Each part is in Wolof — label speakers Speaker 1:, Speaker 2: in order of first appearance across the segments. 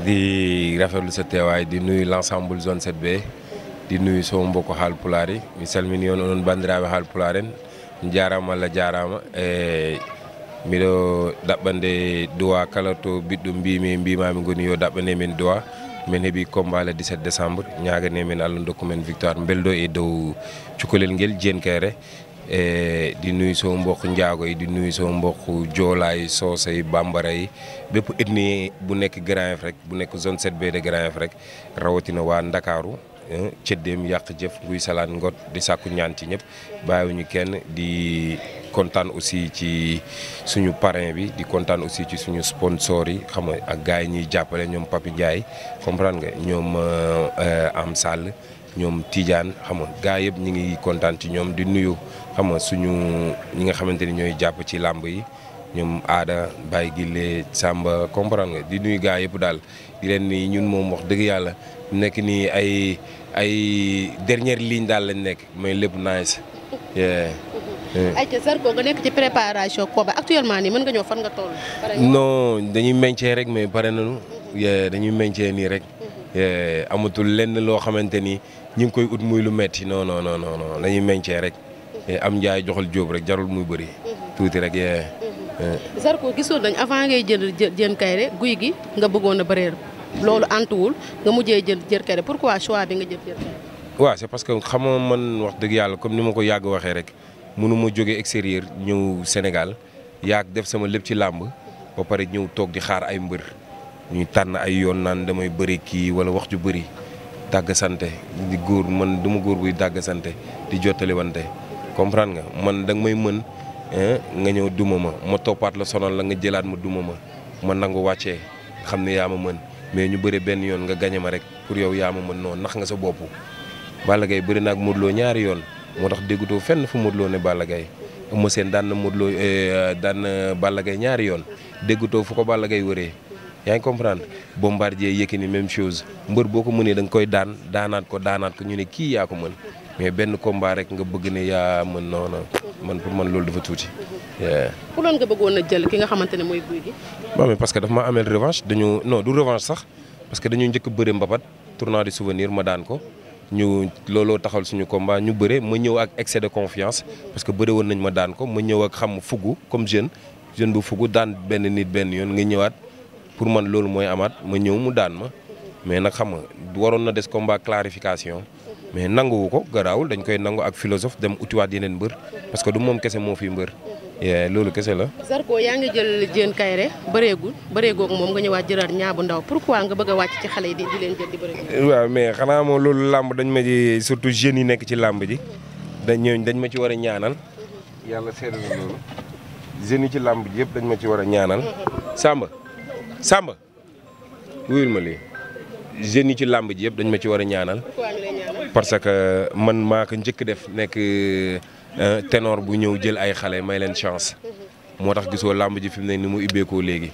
Speaker 1: di rafetlu sa teewaay di nuyu l'ensemble zone 7B di nuyu so mbokku haalpulaar yi mi salmini on onon banndiraaɓe haalpulaar en jaaraama allah jaaraama e miɗo ɗaɓɓande duwa kala to biɗɗo mbimi mbimami goni yo ɗaɓɓane men duwa min heeɓi combat le 17 décembre ñaagane men allah dokku victoire belɗo e dow cukalel ngel jeenkere Eh, di nuyu sama mbokk njaago yi di nuyu sama mbokk joolaay yi soose yi bambara yi bépp ethnie bu nekk Grand Yoff rek bu nekk zone 7B rek rawatina waa Ndakaaru eh, cëddeem yàq jëf nguy salaat ngot di sàkku ñaan ci ñëpp bàyyiwuñu kenn di kontaan aussi ci suñu parrain bi di kontaan aussi ci suñu sponsor yi xam nga ak gars yi ñuy jàppale ñoom Papi Ndiaye comprendre nga ñoom eh, am sàll ñoom tiijaan xam gaa yëpp ñu ngi kontaan ci ñoom di nuyu xam suñu ñi nga xamante ni ñooy jàpp ci làmb yi ñoom aada Baye Gille Samba comprendre nga di nuyu gaa yëpp daal di leen ni ñun moom wax dëgg yàlla nekk nii ay ay dernière ligne daal lañ nekk mais lépp nice.
Speaker 2: ayca Zarko nga nekk ci préparation combat actuellement nii
Speaker 1: dañuy meñcee rek mais pare nanu mhm. dañuy meñcee nii rek. Mhm. amatul lenn loo xamante ni. ñu ngi koy ut muy lu metti non non non non nañuy meñcee rek eh, am njaay joxal jóob rek jarul muy bëri. Mhm. tuuti rek yee. Eh. Mhm.
Speaker 2: Zarko gisoon nañ avant ngay jël jën kayre guy gi nga bëggoon a bëreel loolu antuwul nga mujjee jël jër kayre pourquoi choix bi nga jël jër kayre.
Speaker 1: waaw c'est parce que xamoo man wax dëgg yàlla comme ni ma ko yàgg waxee rek mënu ma jógee extérieur ñëw Sénégal yàgg def sama lépp ci làmb ba pare ñëw toog di xaar ay mbër ñu tànn ay yoon naan damay bëri kii wala wax ju bëri. dàgg sante di góor man du ma góor buy dàgg sante di jottali wante comprendre nga man danga may mën nga ñëw duma ma ma toppaat la sonal la nga jëlaat ma duma ma ma nangu wàccee xam ne yaa ma mën mais ñu bëre benn yoon nga gañe ma rek pour yow yaa ma mën noo nax nga sa bopp Balla Gaye bëri naag ak Lo ñaari yoon moo tax déggutoo fenn fu Modou ne Balla Gaye Eumeu Sène daan na Modou Lo eh, daan na ñaari yoon déggutoo fu ko Balla Gaye wëree yaa ngi comprendre bombardier ni même chose mbër boo ko mënee da nga koy daan daanaat ko daanaat ko ñu ne kii yaa ko mën mais benn combat rek nga bëgg ne yaa mën noonu man pour man loolu dafa tuuti.
Speaker 2: pour lan nga bëggoon a jël ki nga xamante ne mooy guy gi.
Speaker 1: waaw mais parce que dafa ma ameel revanche dañu no du revanche sax parce que dañu njëkk a bëre mbapat tournoi du souvenir ma daan ko. ñu looloo taxaw suñu combat ñu bëre ma ñëw ak excès de confiance parce que bëre woon nañ ma daan ko ma ñëw ak xam fugg comme jeune jeune bu fugg daan benn nit benn yoon nga ñëwaat pour man loolu mooy amaat ma ñëw mu daan ma mais nag xam nga waroon na des combat clarification mais nanguwu ko garaawul dañ koy nangu ak philosophe dem utiwaat yeneen mbër parce que du moom kese moo fi mbër. loolu kese la.
Speaker 2: Zarko yaa ngi jël Diène Kaïré bëreegul bëreegoo moom nga ñëwaat jëlaat ñaa bu ndaw pourquoi nga bëgg a wàcc ci xale yi di di leen jël di bëri.
Speaker 1: waaw mais xanaa moom loolu làmb dañ ma ji surtout jeunes yi nekk ci làmb ji dañ ñooñu dañ ma ci war a ñaanal yàlla seetlu yi ci làmb yëpp dañ ma ci war a ñaanal Samba. Samba wuyul ma lii jeunes yi ci làmb ji yëpp dañ ma ci war a ñaanal. parce que man maa ko njëkk def nekk euh, tenoor bu ñëw jël ay xale may leen chance. moo tax gisoo làmb ji fi mu ne ni mu ibbeekoo léegi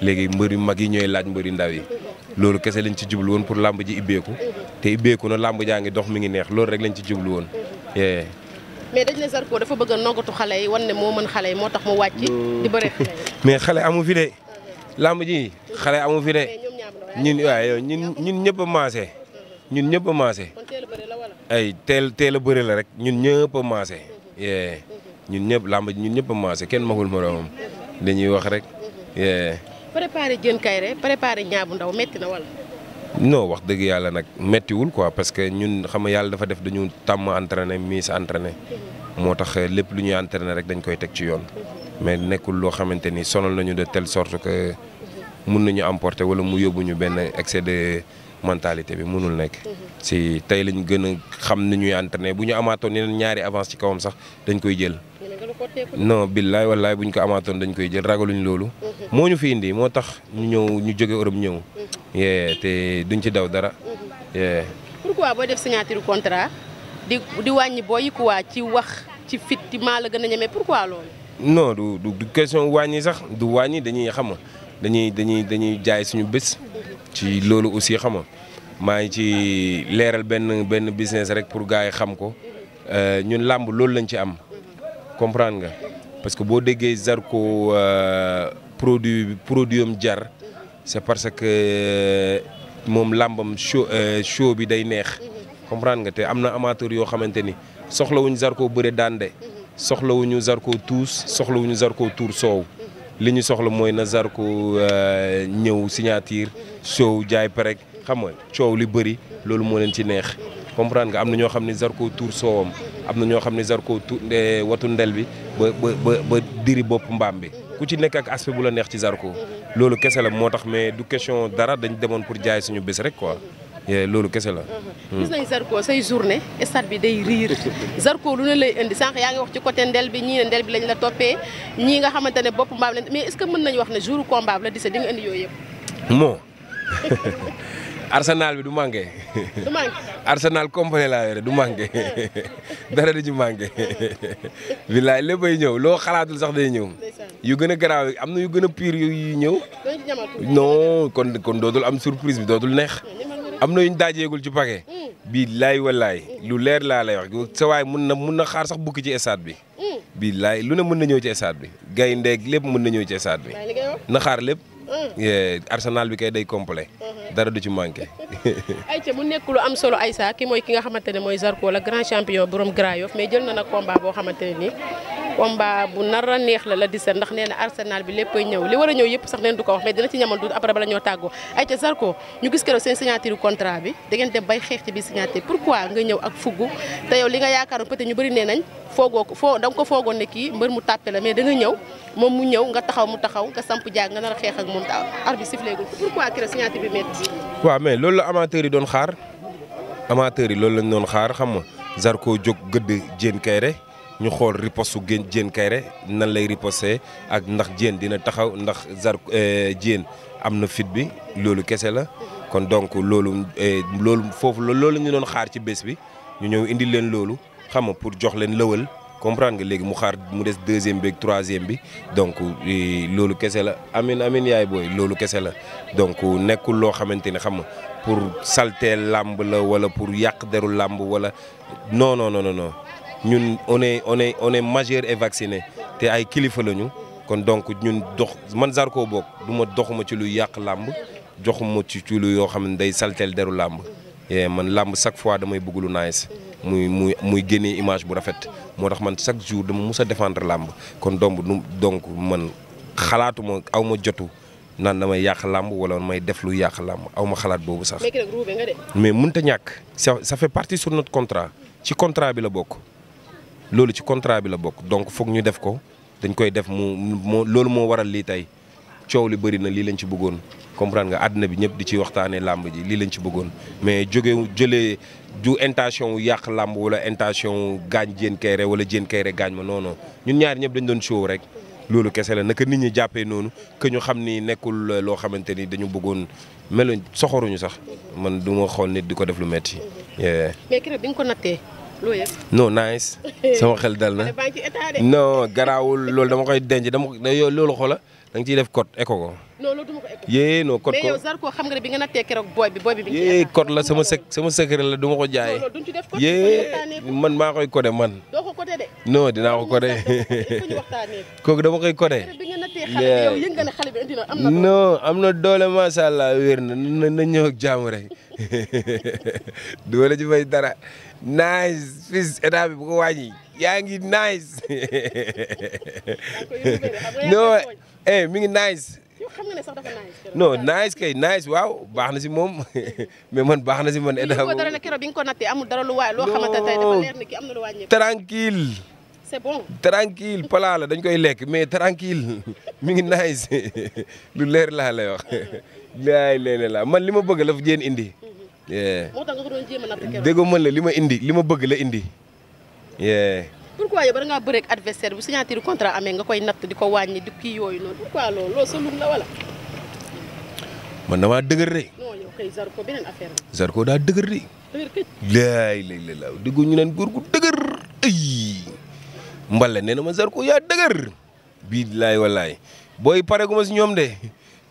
Speaker 1: léegi mbëri mag yi ñooy laaj mbëri ndaw yi loolu kese lañ ci jublu woon pour làmb ji ibbeeku te ibbeeku na làmb jaa ngi dox mi ngi neex loolu rek lañ ci jublu woon. mais
Speaker 2: dañ ne Zarko dafa bëgg a noggatu xale yi wan moo mën xale yi moo tax mu wàcc.
Speaker 1: mais xale amu làmb ji xale amu fi de ñun waaye ñun ñëpp a maase ñun ñëpp a maase ay teel teel a bëri la rek ñun ñëpp a maase mhm. Mhm. ñun ñëpp làmb ñun ñëpp a maase kenn magul moroomam mhm. dañuy wax rek.
Speaker 2: préparer Diène Kaïré préparer Niang Ndaw metti na wala.
Speaker 1: non wax dëgg yàlla nag méttiwul ko parce que ñun xam yàlla dafa def dañu tàmm entraîné mise entraîné moo tax lépp lu ñuy entraîné rek dañ koy teg ci yoon. mais nekkul loo xamante ni sonal nañu de telle sorte que mun nañu emporter wala mu yóbbu ñu benn excès de mentalité bi mënul nekk. si tey lañ gën a xam ni ñuy entraîné bu ñu amaatoon yeneen ñaari avance ci kawam sax dañ koy jël. non billaay wallaay bu ñu ko amaatoon dañ koy jël ragaluñu loolu. moo ñu fi indi moo tax ñu ñëw ñu jóge Europe ñëw. te duñ ci daw dara.
Speaker 2: pourquoi booy def signature contrat di wàññi booy yi quoi ci wax ci fit maa la gën a ñeme pourquoi
Speaker 1: non du du question wàññi sax du wàññi dañuy xam dañuy dañuy dañuy jaay suñu bés ci loolu aussi xam maa ngi ci leeral benn benn business rek pour gars yi xam ko euh, ñun làmb loolu lañ ci am comprendre nga parce que boo déggee Zarko euh, produit produit am jar c'est parce que euh, moom làmbam show show bi day neex comprendre nga te am na amateur yoo xamante ni soxla wuñ Zarko bëre daan de soxlawuñu sarko tuus soxlawuñu Zarko tuur soow li ñu soxla mooy na Zarko euh, ñëw signature soow jaay parek xam nga coow li bëri loolu moo leen ci neex comprendre nga am na ñoo xam ne sarko tuur soowam am na ñoo xam ne sarko tu watu ndel bi ba ba ba diri bopp mbaam bi ku ci nekk ak aspect bu la neex ci Zarko loolu kese la moo tax mais du question dara dañ demoon pour jaay suñu bés rek quoi loolu kese la. Mm-hmm. gis
Speaker 2: nañ Zarko say journée stade bi day riir Zarko lu ne lay indi yaa ngi wax ci côté ndel bi ñii ne bi lañ la toppee ñii nga xamante ne bopp mbaam lañ mais est-ce que mën wax ne jour combat la di sa di
Speaker 1: Arsenal bi du manqué. du manqué Arsenal complet laa yore du manqué dara du ci manqué. billaay léppay ñëw loo xalaatul sax day ñëw. yu gën a garaaw am na yu gën pire yu ñëw. non kon kon dootul am surprise bi dootul neex. am na yu ñu daajeegul ci paquet bii laay walaay lu leer laa la wax sa waay mun na mun na xaar sax bukki ci stade bi bii laay lu ne mën na ñëw ci stade bi gayndeeg lépp mën na ñëw ci stade bi na xaar lépp mm. arsenal bi kay day complet mm-hmm. dara du ci manqué.
Speaker 2: ayca mu nekk lu am solo Aïssa ki mooy ki nga xamante ne mooy Zarko la grand champion borom Grand Yoff mais jël na nag combat boo xamante ne nii. combat bu nar a neex la la di seet ndax nee na Arsenal bi lépp ñëw li war a ñëw yëpp sax neen du ko wax mais dina ci ñamal tuuti après bala ñoo tàggoo ay ca Zarko ñu gis keroog seen signature contrat bi da ngeen dem bay xeex ci biir signature pourquoi nga ñëw ak fugg te yow li nga yaakaaroon peut-être ñu bari nee nañ foogoo ko foo da nga ko foogoon ne kii mbër mu tàppe la mais danga nga ñëw moom mu ñëw nga taxaw mu taxaw nga samp jaag nga nar a xeex ak moom ta arbitre sifflé
Speaker 1: waaw mais loolu la amateurs yi doon xaar amateurs yi loolu lañ doon xaar xam nga Zarko jóg gëdd Diène Kairé ñu xool riposte génn Diène Kairé nan lay riposté ak ndax Diène dina taxaw ndax Zarko euh, Diène am na fit bi loolu kese la kon donc loolu euh, loolu foofu loolu ñu doon xaar ci bés bi ñu ñëw indi leen loolu xam nga pour jox leen lëwal comprendre nga léegi mu xaar mu des deuxième bi ak troisième bi donc euh, loolu kese la amin amin yaay booy loolu kese la donc nekkul loo xamante ne xam nga pour salte làmb la wala pour yàq deru làmb wala noo noo non non. ñun on est on est on et vacciné te ay kilifa lañu kon donc ñun dox man Zarko boog du ma doxuma ci lu yàq làmb joxuma ci ci lu yoo xam ne day saltel deru làmb man làmb chaque fois damay bëgg lu nice muy muy muy génnee image bu rafet moo tax man chaque jour dama mus a défendre làmb kon domb du donc man xalaatuma aw ma jotu naan damay yàq làmb wala may def lu yàq làmb aw ma xalaat boobu sax mais mënta ñàkk ça ça fait partie sur notre contrat ci contrat bi la bokk loolu ci contrat bi la bokk donc foog ñu def ko dañ koy def mu moo loolu moo waral lii tey coow li bëri na lii lañ ci bëggoon comprendre nga àddina bi ñëpp di ci waxtaanee làmb ji lii lañ ci bëggoon mais jóge jëlee ju intention wu yàq làmb wala intention gaañ Diène Kaïré wala Diène Kaïré gaañ ma non non ñun ñaar ñëpp dañu doon show rek loolu kese la naka nit ñi jàppee noonu que ñu xam ni nekkul loo xamante ni dañu bëggoon meluñ soxoruñu sax man du ma xool nit di ko def metti loolu yëpp non nice sama xel dal na non garaawul loolu dama koy denc dama loolu xoola da nga ciy def code éco ko. non loolu du ma yee non code ko mais yow
Speaker 2: Zarko xam bi nga nattee keroog bi booy yee
Speaker 1: code la sama sec sama secret la du ko
Speaker 2: jaayee.
Speaker 1: man maa koy codé man. no ko codé de. non dinaa ko codé. kooku dama koy codé.
Speaker 2: na am na. non
Speaker 1: am na doole macha allah wér na na ñëw ak jaamu rek ci fay dara naaj fii bi bu yaa ngi nice non eh, mi ngi nice non nice kay nice waaw baax na si moom mais man baax na si man. état boobu dara
Speaker 2: ne keroog bi ko nattee amul dara lu waay loo leer ne kii am lu wàññeeku.
Speaker 1: dañ koy lekk mais tranquille ngi nice lu leer laa wax. la man li ma bëgg la fa indi.
Speaker 2: Mm-hmm. moo man la li
Speaker 1: ma indi li ma bëgg la indi. yee
Speaker 2: pourquoi yow bari ngaa bëreeg adversaire bu signature contrat amee nga koy natt di ko wàññi di kii yooyu noonu pourquoi loolu loolu sa lug la wala.
Speaker 1: man damaa dëgër de. Zarko daa dëgër de. dëgër këj. laay lay la ñu naan góor dëgër ay mbala nee na ma Zarko yaa dëgër. bii laay walaay booy pare gu ñoom de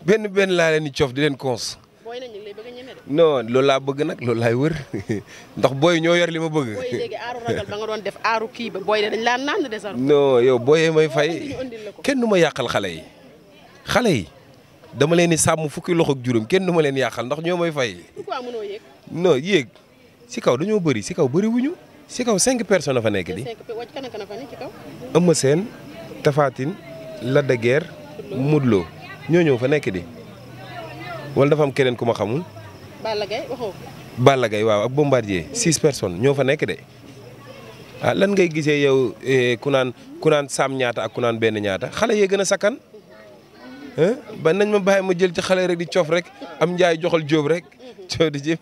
Speaker 1: benn benn laa leen di di leen cons. booy non loolu laa bëgg nag loolu laay wër ndox booy ñoo yor li ma bëgg. booy nga
Speaker 2: doon def aaru kii ba booy dañ
Speaker 1: yow booyee may fay kenn du ma yàqal xale yi xale yi dama leen di sàmm fukki loxo ak juróom kenn du ma leen yàqal ndox ñoo may fay. pourquoi mënoo yéeg. si kaw dañoo bari si kaw bëri si kaw cinq personnes fa nekk di. Eumeu seen tafaatin Tine Lac mutlo ñoo ñëw fa nekk di wala dafa am keneen ku ma xamul.
Speaker 2: Balla
Speaker 1: Gaye waaw ak bombardier six personnes ñoo fa nekk de ah lan ngay gisee yow eh, ku naan ku naan saam ñaata ak ku naan benn ñaata xale yee gën a sakkan ba nañ ma bàyyi ma jël ci xale rek di coof rek am njaay joxal jóob rek mhm. coow di jëm.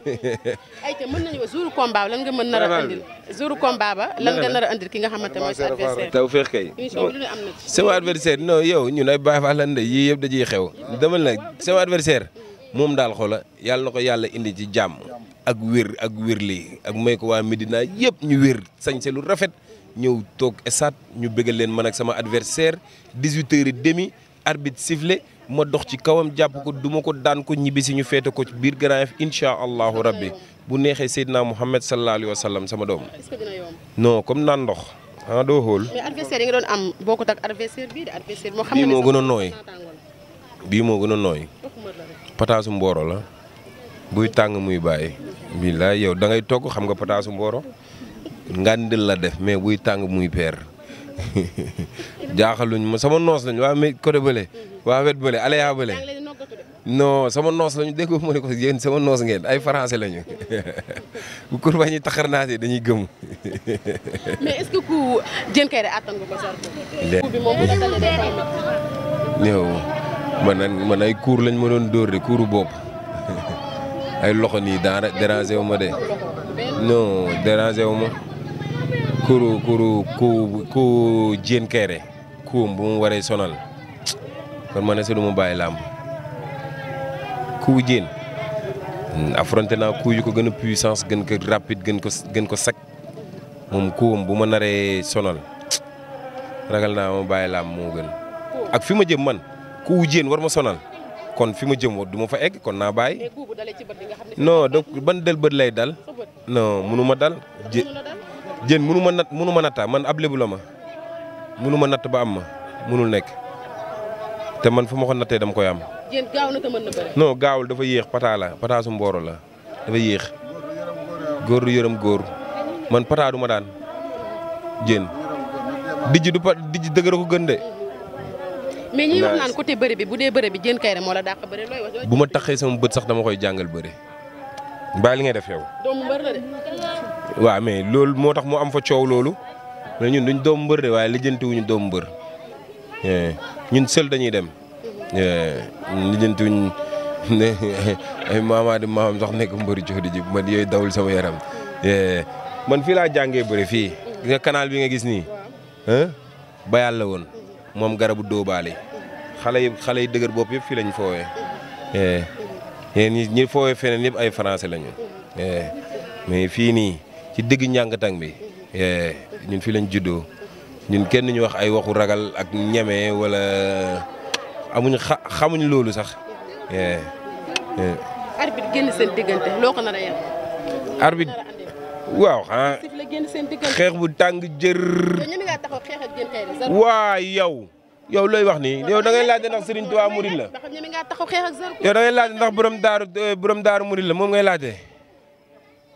Speaker 2: ay te mën nañu ba jour combat lan nga mën nar a andil. jour ba lan nga nar andil ki nga xamante mooy sa adversaire. taw
Speaker 1: feex kay. ne am na ci. sama yow ñun ay bàyyi fa lan de yii yëpp dajiy xew. demal la sama adversaire. moom daal xola yàlla na ko yàlla indi ci jàmm ak wér ak wér lii ak may ko waa Medina yëpp ñu wér sañse lu rafet ñëw toog stade ñu bëggal leen man ak sama adversaire 18 heures et demi arbitre sifflé ma dox ci kawam jàpp ko duma ko daan ko ñibbi si ñu feete ko ci biir Grand Yoff allahu rabbi bu neexee Seydina Mouhamed sallallahu alayhi sallam sama doom.
Speaker 2: est-ce
Speaker 1: naan ndox. ah doo xool. mais
Speaker 2: xam ne bii gën a nooy
Speaker 1: bii moo gën a nooy. pataasu mbooro la buy tàng muy bàyyi. billaay yow dangay ngay togg xam nga pataasu mbooro ngàndil la def mais buy tàng muy peer luñ ma sama noos lañ waa mi côté bële waa wet bële sama noos lañu dégg ma ne ko sama noos ngeen ay français lañu bu kurba ñi taxar naa si dañuy gëm. mais man nag man ay kuur lañ ma doon dóor de kuur bopp ay loxo nii daara dérangé wu ma de non dérangé wu ma kuuru kuuru ku ku jéen keere kuum bu mu waree sonal kon man ne sa du ma bàyyi làmb ku jéen affronté naa ku yu ko gën a puissance gën ko rapide gën ko gën ko sec moom kuum bu ma naree sonal ragal naa ma bàyyi làmb moo gën ak fi ma jëm man. ku wujjeen war ma sonal kon fi ma jëm du ma fa egg kon naa baay non donc ban del bët lay dal. non munu dal. jë jën munu ma nat munu natta man ab lébu ma munu ma natt ba am ma munul nekk te man fu ma ko nattee dama koy am. jën gaaw gaawul dafa yéex pata la pata su mbooro la dafa yéex. góor du yërëm góor man pata du ma daan jën dijj du pa dijj dëgër ko gën de.
Speaker 2: mais ñi wax naan côté bëre bi bu dee bëre bi jën kayre moo la dàq bëre
Speaker 1: bu ma taxee sama bët sax dama koy jàngal bëre. bàyyi li ngay def yow. doomu loolu moo tax mu am fa coow loolu mais ñun duñ doom mbër de waaye lijjantiwuñu doomu mbër eh, ñun sël dañuy dem. Eh, lijjantiwuñ ne eh, ay maama di maamam sax nekk mbëri coono ji man yooyu dawul sama yaram man fii laa jàngee bëre fii. gis bi nga gis nii. ba la woon. moom garabu dóobaale xale yi xale yi dëgër bopp yëpp fii lañu foowee yéen eh, eh, ñi ñi feneen yëpp ay français lañu eh, mais fii nii ci digg njàngatang bi ñun fii lañ juddoo ñun kenn ñu wax ay waxu ragal ak ñeme walla amuñ xa xamuñ loolu sax.
Speaker 2: arbitre génn seen diggante loo ko nar a yem.
Speaker 1: waaw ah xeex bu tàng jër. waa yow. yow looy wax nii yow da ngay laajte ndax Serigne Touba Mouride la. yow da ngay laajte ndax borom daaru eh, borom daaru Mouride la moom ngay laajte.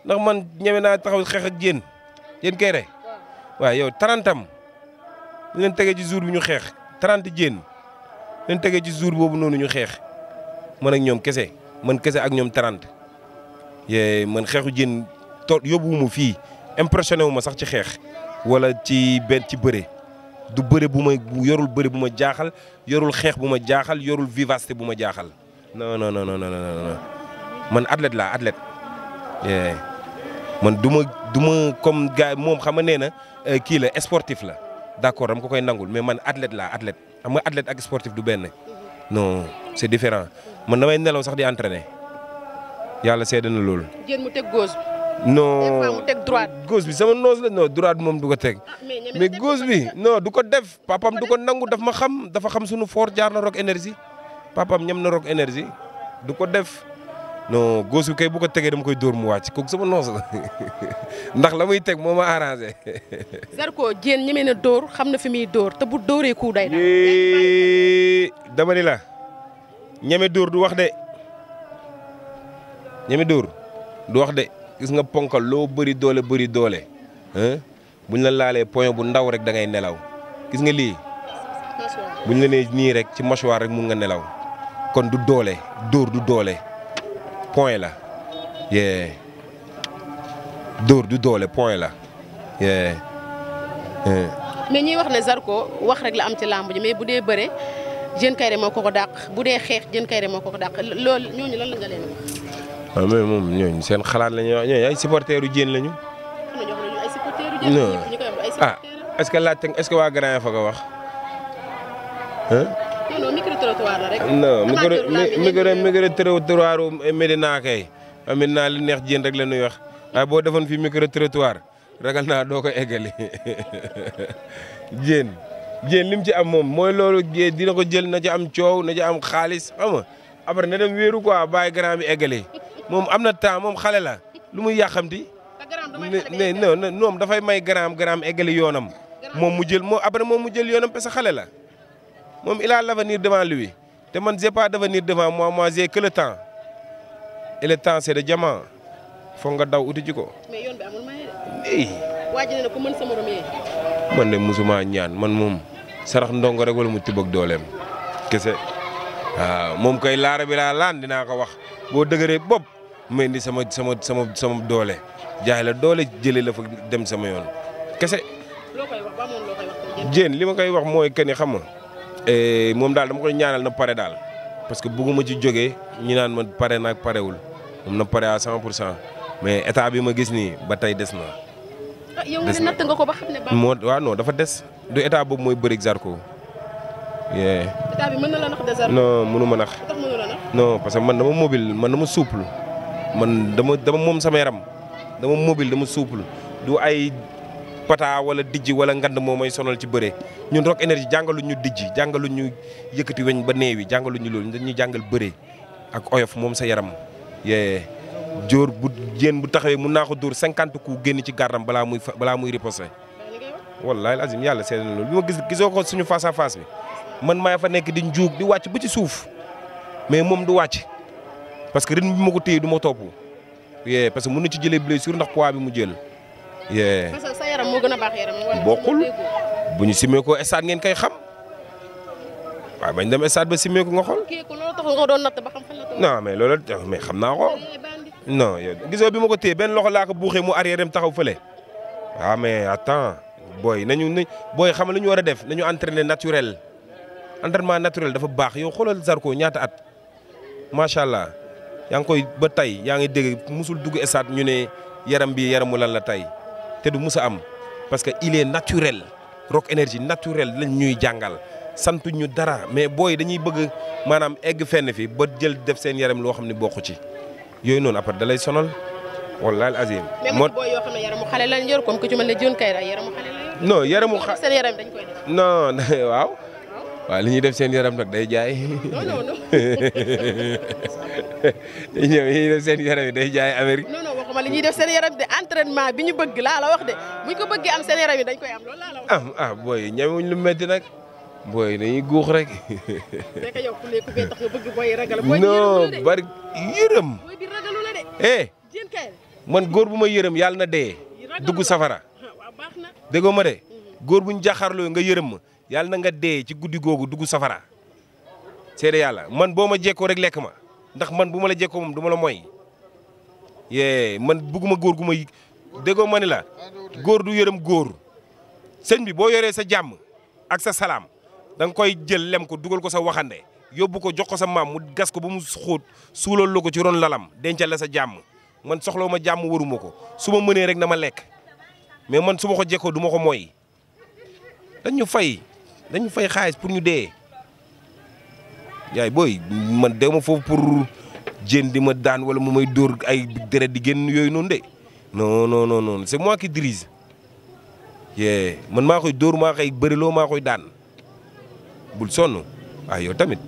Speaker 1: ndax man ñeme naa taxaw xeex ak jéen jéen kere. waaw yow tarantam ñu leen tegee ci jour bu ñu xeex trente jéen leen tegee ci jour boobu noonu ñu xeex man ak ñoom kese man kese ak ñoom trente. yee man xeexu jéen to yóbbuwu fii impressionné wu ma sax ci xeex wala ci benn ci bëre du bëre bu may yorul bëre bu ma jaaxal yorul xeex bu ma jaaxal yorul vivacité bu ma jaaxal non non non non non non man athlète laa athlète. man du ma du ma comme gars moom xam nga nee na euh, kii la sportif la d'accord am ko koy nangul mais man athlète laa athlète am nga athlète ak sportif du benn. non c'est différent man damay nelaw sax di entraîner yàlla seede na loolu. non mu bi sama noos la non moom du ko teg ah, mais gauche bi non du ko def papam du ko nangu daf ma xam dafa xam suñu foor jaar na rock énergie papam ñam na rock énergie du ko def non gauche bi kay bu ko tegee dama koy dóor mu wàcc kooku sama noos la ndax la muy teg moo ma arrangé.
Speaker 2: Zarko jéen ñeme na dóor xam na fi muy dóor te bu dóoree ku day na.
Speaker 1: dama ni la ñeme dóor du wax de ñame dóor du wax de. gis nga ponkal loo bëri doole bëri doole buñ la laalee point bu ndaw rek da ngay nelaw gis nga lii buñ la nee nii rek ci mâchoire rek mun nga nelaw kon du doole dóor du doole point la yee dóor du doole point la yee
Speaker 2: mais ñuy wax ne Zarko wax rek la am ci làmb ji mais bu dee bëre Diène Kairé moo ko ko dàq bu dee xeex Diène Kairé moo ko ko dàq loolu ñooñu lan la nga
Speaker 1: waaw ah, mais moom ñooñu seen xalaat lañu wax ñooñu ay supporteurs yu jéen lañu.
Speaker 2: non ah
Speaker 1: est-ce que laajte est-ce que waa Grand Yoff fa nga wax.
Speaker 2: non micro trottoir la rek. non micro micro
Speaker 1: micro trottoir Medina kay ah, Medina li neex jéen rek leen ñuy wax waaye ah, boo defoon fi micro trottoir ragal naa doo ko eggali jéen lim ci am moom mooy loolu dina ko jël na ci am coow na ci am xaalis xam nga après na dem wéeru quoi bàyyi grand bi eggali. moom am na temps moom xale la lu muy yàqamti. noom dafay may garaam garaam eggali yoonam. moom mu jël moo après moom mu jël yoonam parce xale la moom il a l'avenir devant te man j'ai pas d'avenir devant moi moi j'ai que le temps et le temps foog nga daw uti ji ko. mais yoon yee. man de musuma ñaan man moom sarax ndongo rek wala mu tibbag dooleem kese waaw moom koy laara bi laa laan dinaa ko wax boo dëgëree bopp. ma indi sama sama sama sama doole jaay doole jëlee la fa dem sama yoon kese. loo jéen li ma koy wax mooy que ni xam nga eh, moom daal dama koy ñaanal na pare daal parce que bëgguma ji jógee ñi naan ma pare naag parewul moom na pare à 100 pour cent mais état bi ma gis nii ba tey des na.
Speaker 2: Ah, des yow nga natt ko ba xam ne moo
Speaker 1: waaw dafa des du état boobu mooy bëri Zarko. ko bi mën
Speaker 2: a la nax de Zarko. non
Speaker 1: mënu ma nax. non parce que man dama mobile man dama souple. man dama dama moom sama yaram dama mobile dama souple du ay pata wala dijj wala ngande moom may sonal ci bëre ñun Rock Énergie jàngaluñu dijj jàngaluñu yëkkati weñ ba neewi jàngaluñu loolu dañuy jàngal bëre ak oyof moom sa yaram yee jóor bu jéen bu taxawee mun naa ko dóor cinquante ku génn ci gardam balaa muy balaa muy riposé wallaahi azim yàlla seede na loolu bi ma gis gisoo ko suñu face bi man maa fa nekk di njuug di wàcc ba ci suuf mais moom du wàcc parce que rythme bi ma ko téye du moo topp yee parce que mun na ci jëlee blessure ndax poids bi mu jël. yee bokkul bu ñu simee ko ngeen koy xam waaye bañ dem stade ba simee ko nga xool. kii mais loolu mais xam naa ko. non yow gisoo bi ma ko téye benn loxo laa ko buuxee mu arrière dem taxaw fële. waaw ah, mais attends booy nañu nañ booy xam lu ñu war a def nañu entraîner naturel entraînement naturel dafa baax yow xoolal Zarko ñaata at macha allah. yaa ngi koy ba tey yaa ngi dégg musul dugg stade ñu ne yaram bi yaramu lan la tey te du mus am parce que il est naturel Rock Énergie naturel lañ ñuy jàngal santu ñu dara mais booy dañuy bëgg maanaam egg fenn fi ba jël def seen yaram loo xam ne bokku ci yooyu noonu après dalay sonal wallaahi azim. moo booy yoo xam
Speaker 2: ne yaramu xale lañ yor comme ku ci mel ne John Kayra yaramu xale
Speaker 1: lañ. non koy
Speaker 2: def.
Speaker 1: non waaw. waaw li ñuy def seen yaram nag day jaay li ñuy def seen yaram yi day jaay Amérique.
Speaker 2: non non yaram de entraînement bi ñu bëgg laa la wax de bu ñu ko bëggee am seen yaram yi dañ koy am loolu laa
Speaker 1: la ah, ah, lu metti nag. booy dañuy guux rek. fekk
Speaker 2: yow ku nekk bee tax
Speaker 1: eh. góor bu ma yërëm yàlla na dee. dugg safara. waaw baax na déggoo de. Mhm. góor bu ñu jaxarloo nga yërëm ma. yàlla na nga dee ci guddi googu dugg safara seede yàlla man boo ma jekkoo rek lekk ma ndax man bu ma la jekkoo moom du ma la mooy yee man bugguma góor gu ma déggoo ma ni la góor du yërëm góor sëñ bi boo yoree sa jàmm ak sa salaam danga koy jël lem ko dugal ko sa waxande yóbbu ko jox ko sa maam mu gas ko ba mu xóot suulal la ko ci ron lalam dencal la sa jàmm man soxlawu ma jàmm waruma ko su ma mënee rek na ma lekk mais man su ma ko jekkoo du ko mooy dañu fay dañu fay xaalis pour ñu dee yaay booy man dew ma foofu pour jën di ma daan wala mu may dóor ay deret di génn yooyu noonu de non non non non c'est moi qui yee man maa koy dóor maa koy maa koy daan bul sonn waaye ah, yow tamit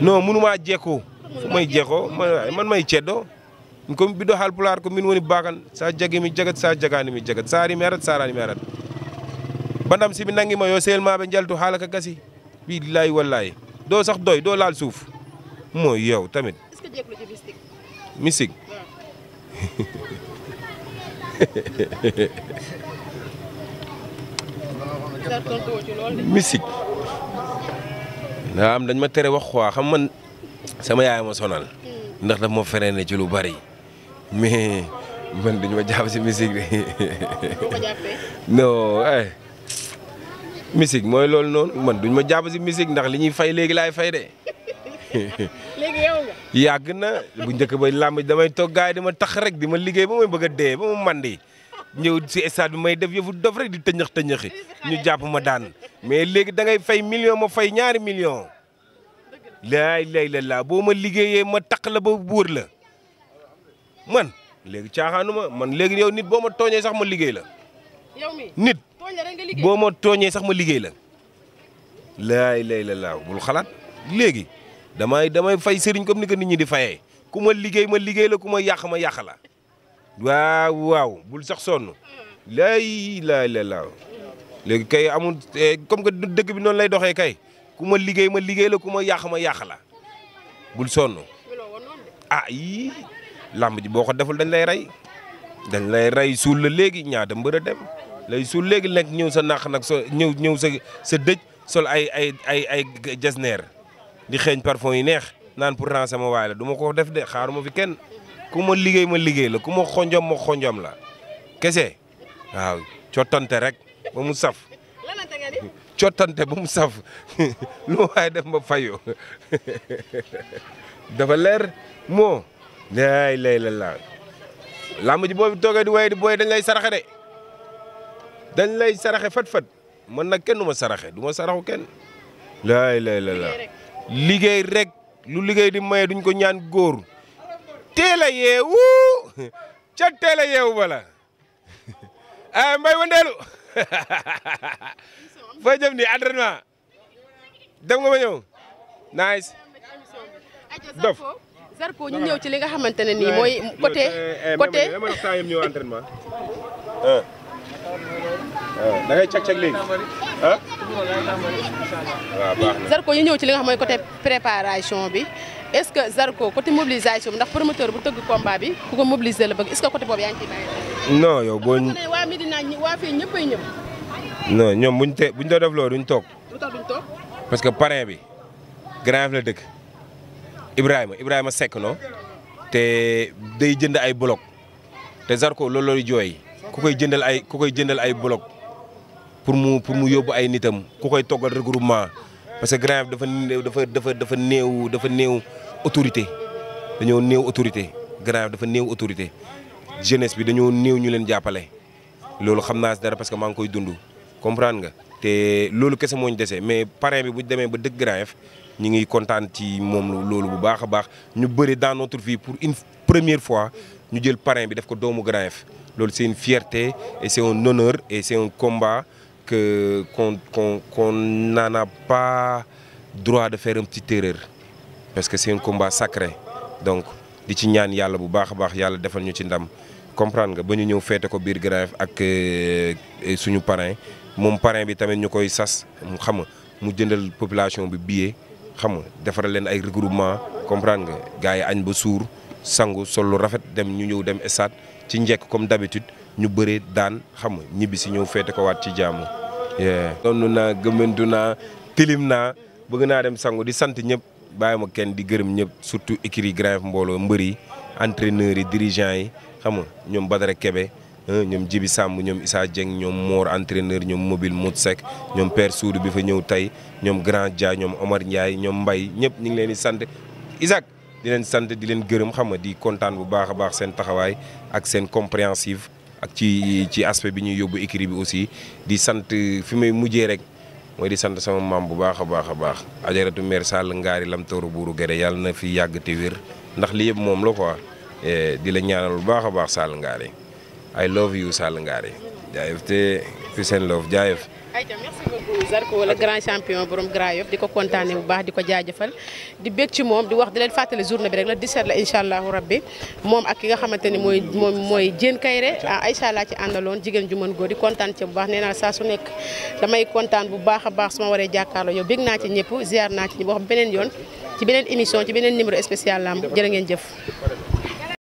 Speaker 1: non mënu maa jekkoo fu may jekkoo man man may ceddoo komi biɗo haalpulaar ko min woni bakan so jagi mi jagat so jagaani mi jagat saari mi arat saaraani mi bandam si bi nangi ma yo seel maaɓe njaltu haala ka gasi billahi wallahi doo sax doy doo laal suuf mooy yow tamit mystique mystique naam dañ ma tere wax quoi xam man sama yaay ma sonal ndax daf ma freiné ci lu bari mais man dañ ma jàpp si mystique de musique mooy loolu noonu man duñ ma jàpp si musique ndax li ñuy fay léegi laay fay de. léegi yow yàgg na bu njëkk ba làmb damay toog yi di ma tax rek di ma liggéey ba bëgg a dee ba ma mandi ñëw si stade bi may def yëfu dof rek di tëñëx tëñëxi ñu jàpp ma daan mais léegi da ngay fay million ma fay ñaari million laay lay la laa boo ma liggéeyee ma taq la ba buur la man léegi caaxaanu ma man léegi yow nit boo ma tooñee sax ma liggéey la.
Speaker 2: nit. boo ma tooñee sax ma liggéey
Speaker 1: la laay lay la laaw bul xalaat léegi damay damay fay sëriñ comme ni ko nit ñi di fayee ku ma liggéey ma liggéey la ku ma yàq ma yàq la waaw waaw bul sax sonn laay laay la laaw léegi kay amul comme que dëkk bi noonu lay doxee kay ku ma liggéey ma liggéey la ku ma yàq ma yàq la bul sonn ah yii làmb ji boo ko deful dañ lay rey dañ lay ray suul la léegi ñaata mbër a dem léegi su léegi nag ñëw sa naq nag sa ñëw ñëw sa sa dëj sol ay ay ay ay jasneer di xeeñ parfum yi neex naan pour ren sama waay la du ma ko def de xaaruma fi kenn ku ma liggéey ma liggéey la ku ma xonjom ma xonjom la kese waaw cottante rek ba mu saf cottante ba mu saf lu waaye def ba fayo dafa leer moo laay la laa làmb fi toogee di waaye di booy dañ lay saraxe de dañ lay saraxe fat-fat man nag kenn du ma saraxe du ma saraxu kenn. laay lay la la liggéey rek lu liggéey di maye duñ ko ñaan góor teel a ca teel a yeewu bala ah mbay wandeelu foo ni entraînement dem nga ba ñëw dof
Speaker 2: Zarko ñu ñëw ci li nga xamante ne nii mooy côté
Speaker 1: waaw da ngay cag-cag Zarko
Speaker 2: ñu ñëw ci li nga xam côté préparation bi est-ce que Zarko côté mobilisation bi ndax promoteur bu tëgg combat bi ku ko mobiliser la bëgg est-ce boobu yaa ngi ciy
Speaker 1: bàyyi. non yow boo ñu
Speaker 2: waa Medina waa fii ñëppay ñëw.
Speaker 1: non ñoom buñ te def loolu duñ toog. toog. parce que parrain bi Grand Yoff la dëkk Ibrahima Ibrahima Seck no te day jënd ay bloc te Zarko loolu lay jooy. ku koy jëndal ay ku koy jëndal ay bloc pour mu pour mu yóbbu ay nitam ku koy toggal regroupement parce que Grand Yoff dafa dafa dafa dafa néew dafa néew autorité dañoo néew autorité Grand Yoff dafa néew autorité jeunesse bi dañoo néew ñu leen jàppale loolu xam naa si dara parce que maa ngi koy dundu comprendre nga te loolu kese mooñ ñu dese mais parrain bi bu demee ba dëkk Grand Yoff ñu ngi kontaan ci moom loolu bu baax a baax ñu bëri daan notre fii pour une première fois ñu jël parrain bi def ko doomu Grand Yoff loolu c'est fierte fierté et c'est honneur et c'est un combat que qu'on qu'on qu'on pas droit de faire une petite erreur parce que seen un combat sacré donc di ci ñaan yàlla bu baax a baax yàlla defal ñu ci ndam comprendre nga ba ñu ñëw feete ko biir grève ak euh, suñu parrain moom parrain bi tamit ñu koy sas mu xam mu jëndal population bi billet xam nga defaral leen ay regroupement comprendre nga gars yi añ ba suur sangu sol lu rafet dem ñu ñëw dem stade ci njekk comme d'habitude ñu bëree daan xam nga ñibbi si ñëw féete ko waat ci jaamu. sonn naa gëmmantu naa tilim naa bëgg naa dem sangu di sant ñëpp bàyyi ma kenn di gërëm ñëpp surtout écurie Grand mbooloo mbëri yi entraîneurs yi dirigeants yi xam ñoom Badara Kebe ñoom Jibi Samb ñoom Issa Dieng ñoom Mor entraîneur ñoom mobile Mout Seck ñoom Père Soudou bi fa ñëw tey ñoom Grand Dia ñoom Omar Ndiaye ñoom mbay ñëpp ñu ngi leen di sant Isaac. di leen sant di leen gërëm xam di kontaan bu baax a baax seen taxawaay ak seen compréhensive ak ci ci aspect bi ñuy yóbbu écrit bi aussi di sant fi may mujjee rek mooy di sant sama maam bu baax a baax a baax ajaratu mère Sall ngaari lamtooru buuru gere yàlla na fi yàgg te wér ndax li yëpp moom la quoi eh, di la ñaanal bu baax a baax Sall ngaari I love you Sall ngaari jaayëf te fi seen love jaayëf
Speaker 2: ayca merci beaucoup Zarko le grand champion borom Grand Yoff di ko kontaane bu baax di ko jaajëfal di bég ci moom di wax di leen fàttali journée bi rek la 17 la incha allahu rabbi moom ak ki nga xamante ni mooy moom mooy Diène Kayré ah, Aïcha laa ci àndaloon jigéen ju mën góor di kontaan ci bu baax nee naa saa su nekk damay kontaan bu baax a baax su ma waree jàkkaarloo yow bég naa ci ñëpp ziar naa ci ñëpp wax beneen yoon ci beneen émission ci beneen numéro spécial laam jërë ngeen jëf